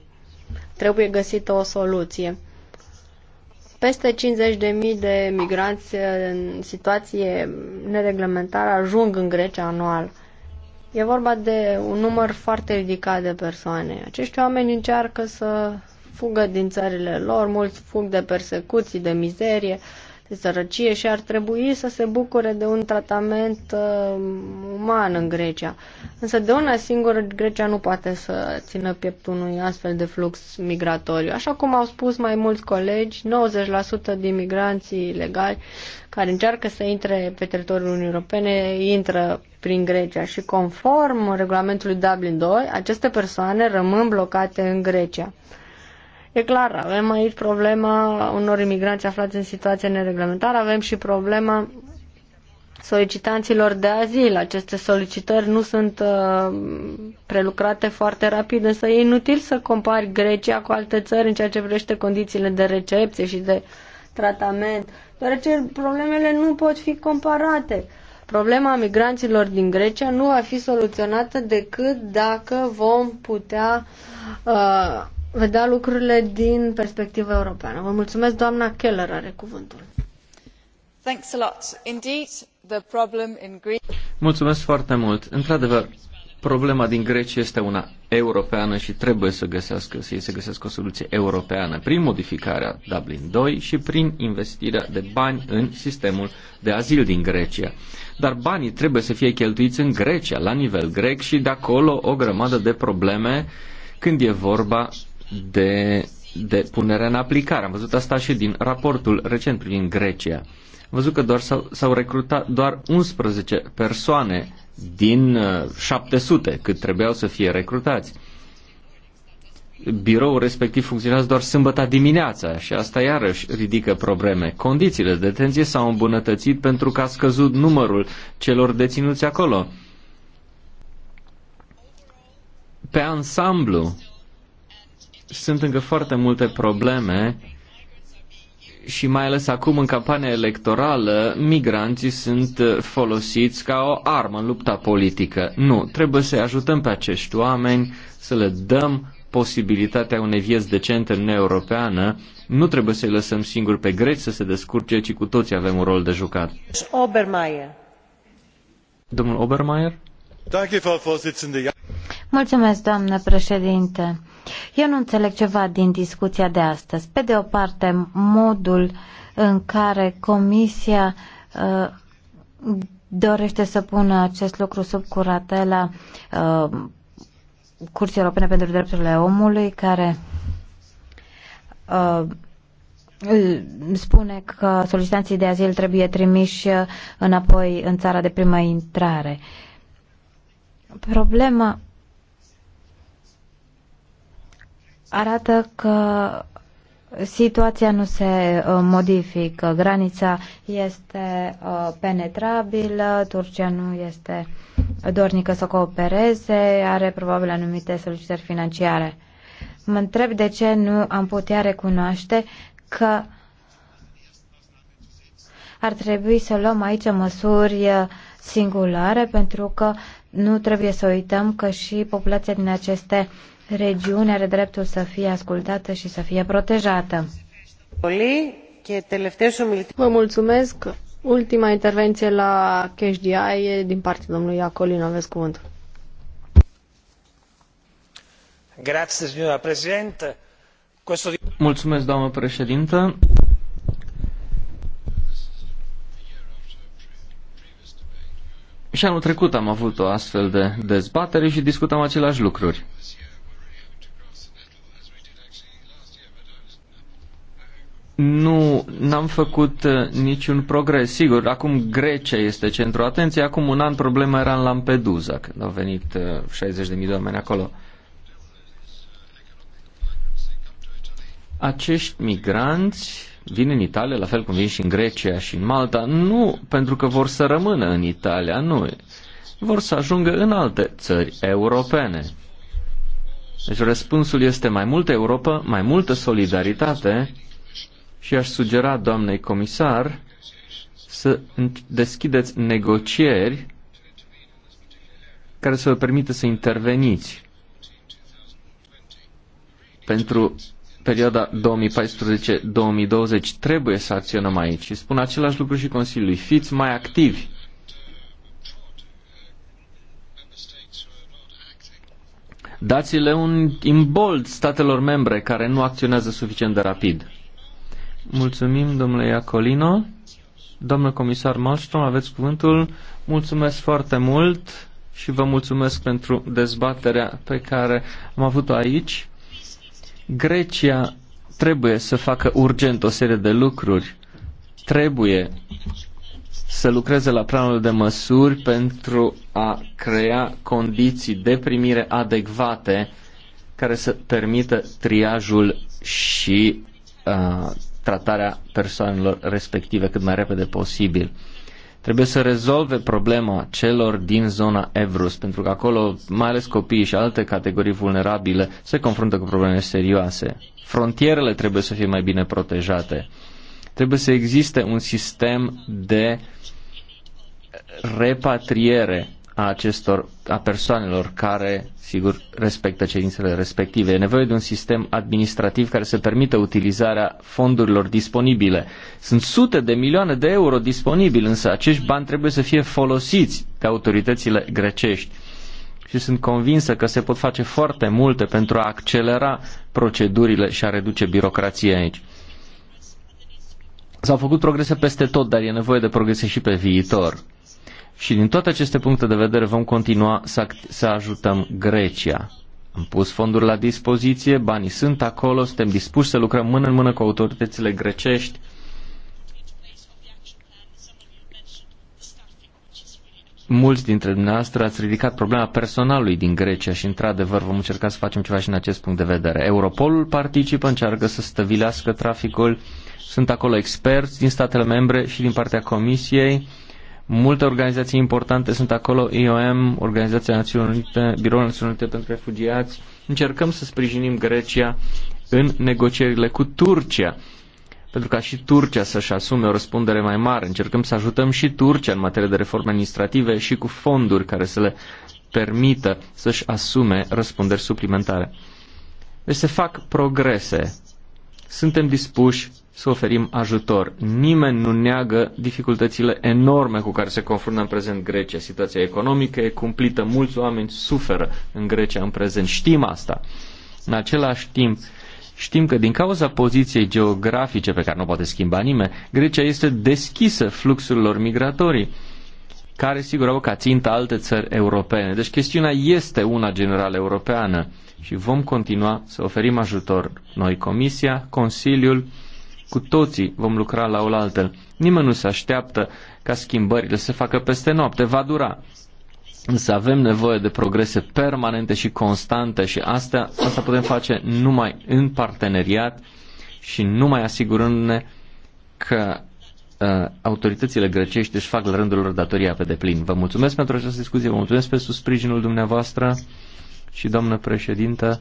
Trebuie găsită o soluție. Peste 50.000 de migranți în situație nereglementară ajung în Grecia anual. E vorba de un număr foarte ridicat de persoane. Acești oameni încearcă să fugă din țările lor, mulți fug de persecuții, de mizerie, uh, de sărăcie și ar trebui să se bucure de un tratament uh, uman în Grecia. Însă de una singură Grecia nu poate să țină pieptul unui astfel de flux migratoriu. Așa cum au spus mai mulți colegi, 90% din migranții legali care încearcă să intre pe teritoriul Uniunii Europene intră prin Grecia și conform regulamentului Dublin 2, aceste persoane rămân blocate în Grecia. E clar, avem aici problema unor imigranți aflați în situație nereglementară, avem și problema solicitanților de azil. Aceste solicitări nu sunt uh, prelucrate foarte rapid, însă e inutil să compari Grecia cu alte țări în ceea ce privește condițiile de recepție și de tratament, deoarece problemele nu pot fi comparate. Problema migranților din Grecia nu va fi soluționată decât dacă vom putea uh, vedea lucrurile din perspectiva europeană. Vă mulțumesc, doamna Keller are cuvântul. Mulțumesc foarte mult. Într-adevăr, problema din Grecia este una europeană și trebuie să găsească, să se găsească o soluție europeană prin modificarea Dublin 2 și prin investirea de bani în sistemul de azil din Grecia. Dar banii trebuie să fie cheltuiți în Grecia, la nivel grec și de acolo o grămadă de probleme când e vorba de, de punere în aplicare. Am văzut asta și din raportul recent privind Grecia. Am văzut că doar s-au, s-au recrutat doar 11 persoane din 700 uh, cât trebuiau să fie recrutați. Biroul respectiv funcționează doar sâmbătă dimineața și asta iarăși ridică probleme. Condițiile de detenție s-au îmbunătățit pentru că a scăzut numărul celor deținuți acolo. Pe ansamblu, sunt încă foarte multe probleme și mai ales acum în campania electorală, migranții sunt uh, folosiți ca o armă în lupta politică. Nu, trebuie să ajutăm pe acești oameni, să le dăm posibilitatea unei vieți decente în Europeană. Nu trebuie să-i lăsăm singuri pe greci să se descurce, ci cu toții avem un rol de jucat. Obermeier. Domnul Obermeier? Danke, Frau Vorsitzende. Mulțumesc, doamnă președinte. Eu nu înțeleg ceva din discuția de astăzi. Pe de o parte, modul în care Comisia uh, dorește să pună acest lucru sub curatela uh, Curții Europene pentru Drepturile Omului, care uh, spune că solicitanții de azil trebuie trimiși înapoi în țara de primă intrare. Problema arată că situația nu se uh, modifică. Granița este uh, penetrabilă, Turcia nu este dornică să coopereze, are probabil anumite solicitări financiare. Mă întreb de ce nu am putea recunoaște că ar trebui să luăm aici măsuri uh, singulare pentru că nu trebuie să uităm că și populația din aceste regiune are dreptul să fie ascultată și să fie protejată. Vă mulțumesc. Ultima intervenție la CashDI e din partea domnului Iacolino. Aveți cuvântul. Mulțumesc, doamnă președintă. Și anul trecut am avut o astfel de dezbatere și discutam aceleași lucruri. nu n-am făcut uh, niciun progres. Sigur, acum Grecia este centrul atenției, acum un an problema era în Lampedusa, când au venit 60.000 uh, de oameni acolo. Acești migranți vin în Italia, la fel cum vin și în Grecia și în Malta, nu pentru că vor să rămână în Italia, nu. Vor să ajungă în alte țări europene. Deci răspunsul este mai multă Europa, mai multă solidaritate și aș sugera doamnei comisar să deschideți negocieri care să vă permită să interveniți pentru perioada 2014-2020 trebuie să acționăm aici și spun același lucru și Consiliului. Fiți mai activi. Dați-le un imbold statelor membre care nu acționează suficient de rapid. Mulțumim, domnule Iacolino. domnul comisar Malmström, aveți cuvântul. Mulțumesc foarte mult și vă mulțumesc pentru dezbaterea pe care am avut-o aici. Grecia trebuie să facă urgent o serie de lucruri. Trebuie să lucreze la planul de măsuri pentru a crea condiții de primire adecvate care să permită triajul și uh, tratarea persoanelor respective cât mai repede posibil. Trebuie să rezolve problema celor din zona Evrus, pentru că acolo, mai ales copiii și alte categorii vulnerabile, se confruntă cu probleme serioase. Frontierele trebuie să fie mai bine protejate. Trebuie să existe un sistem de repatriere a acestor, a persoanelor care, sigur, respectă cerințele respective. E nevoie de un sistem administrativ care să permită utilizarea fondurilor disponibile. Sunt sute de milioane de euro disponibili, însă acești bani trebuie să fie folosiți de autoritățile grecești. Și sunt convinsă că se pot face foarte multe pentru a accelera procedurile și a reduce birocrația aici. S-au făcut progrese peste tot, dar e nevoie de progrese și pe viitor. Și din toate aceste puncte de vedere vom continua să, să ajutăm Grecia. Am pus fonduri la dispoziție, banii sunt acolo, suntem dispuși să lucrăm mână în mână cu autoritățile grecești. Mulți dintre dumneavoastră ați ridicat problema personalului din Grecia și, într-adevăr, vom încerca să facem ceva și în acest punct de vedere. Europolul participă, încearcă să stăvilească traficul. Sunt acolo experți din statele membre și din partea Comisiei Multe organizații importante sunt acolo, IOM, Organizația Națiunilor Unite, Biroul Națiunilor Unite pentru Refugiați. Încercăm să sprijinim Grecia în negocierile cu Turcia, pentru ca și Turcia să-și asume o răspundere mai mare. Încercăm să ajutăm și Turcia în materie de reforme administrative și cu fonduri care să le permită să-și asume răspunderi suplimentare. Deci se fac progrese. Suntem dispuși să oferim ajutor. Nimeni nu neagă dificultățile enorme cu care se confruntă în prezent Grecia. Situația economică e cumplită, mulți oameni suferă în Grecia în prezent. Știm asta. În același timp, știm că din cauza poziției geografice pe care nu poate schimba nimeni, Grecia este deschisă fluxurilor migratorii care sigur au ca țintă alte țări europene. Deci chestiunea este una generală europeană și vom continua să oferim ajutor noi Comisia, Consiliul, cu toții vom lucra la oaltă. Nimeni nu se așteaptă ca schimbările să se facă peste noapte. Va dura. Însă avem nevoie de progrese permanente și constante și asta, asta putem face numai în parteneriat și numai asigurându-ne că uh, autoritățile grecești își fac la rândul lor datoria pe deplin. Vă mulțumesc pentru această discuție, vă mulțumesc pentru sprijinul dumneavoastră și, doamnă președintă,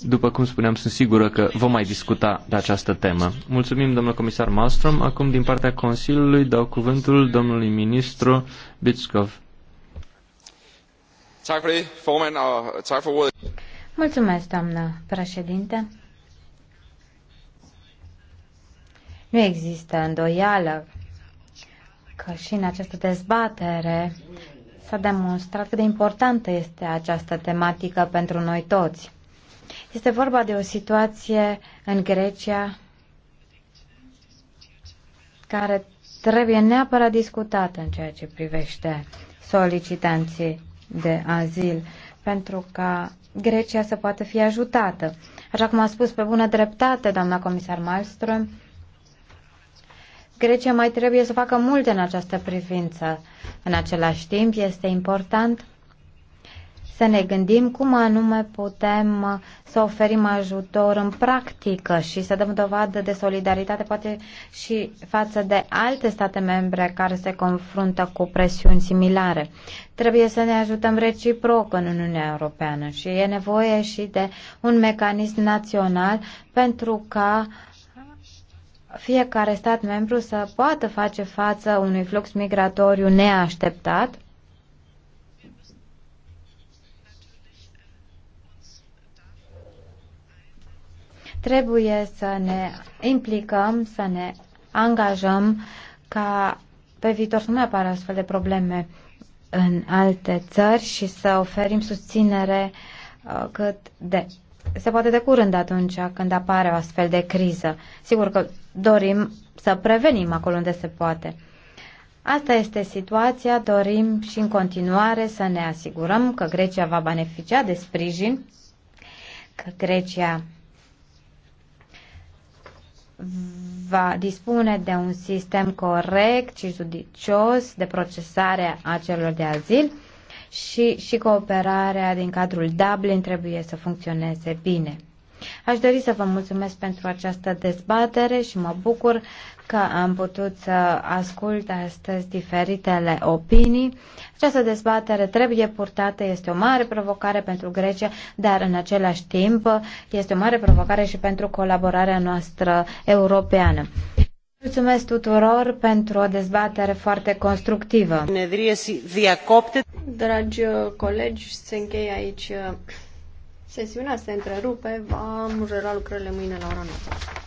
după cum spuneam, sunt sigură că vom mai discuta de această temă. Mulțumim, domnul comisar Malmström. Acum, din partea Consiliului, dau cuvântul domnului ministru Bitskov. Mulțumesc, doamnă președinte. Nu există îndoială că și în această dezbatere s-a demonstrat cât de importantă este această tematică pentru noi toți. Este vorba de o situație în Grecia care trebuie neapărat discutată în ceea ce privește solicitanții de azil pentru ca Grecia să poată fi ajutată. Așa cum a spus pe bună dreptate doamna comisar Malmström, Grecia mai trebuie să facă multe în această privință. În același timp, este important să ne gândim cum anume putem uh, să oferim ajutor în practică și să dăm dovadă de solidaritate poate și față de alte state membre care se confruntă cu presiuni similare. Trebuie să ne ajutăm reciproc în Uniunea Europeană și e nevoie și de un mecanism național pentru ca fiecare stat membru să poată face față unui flux migratoriu neașteptat Trebuie să ne implicăm, să ne angajăm ca pe viitor să nu mai apară astfel de probleme în alte țări și să oferim susținere uh, cât de se poate de curând atunci când apare o astfel de criză. Sigur că dorim să prevenim acolo unde se poate. Asta este situația, dorim și în continuare să ne asigurăm că Grecia va beneficia de sprijin, că Grecia va dispune de un sistem corect și judicios de procesare a celor de azil și, și cooperarea din cadrul Dublin trebuie să funcționeze bine. Aș dori să vă mulțumesc pentru această dezbatere și mă bucur că am putut să ascult astăzi diferitele opinii. Această dezbatere trebuie purtată, este o mare provocare pentru Grecia, dar în același timp este o mare provocare și pentru colaborarea noastră europeană. Mulțumesc tuturor pentru o dezbatere foarte constructivă. Dragi uh, colegi, se încheie aici uh, sesiunea, se întrerupe, va rela lucrările mâine la ora noastră.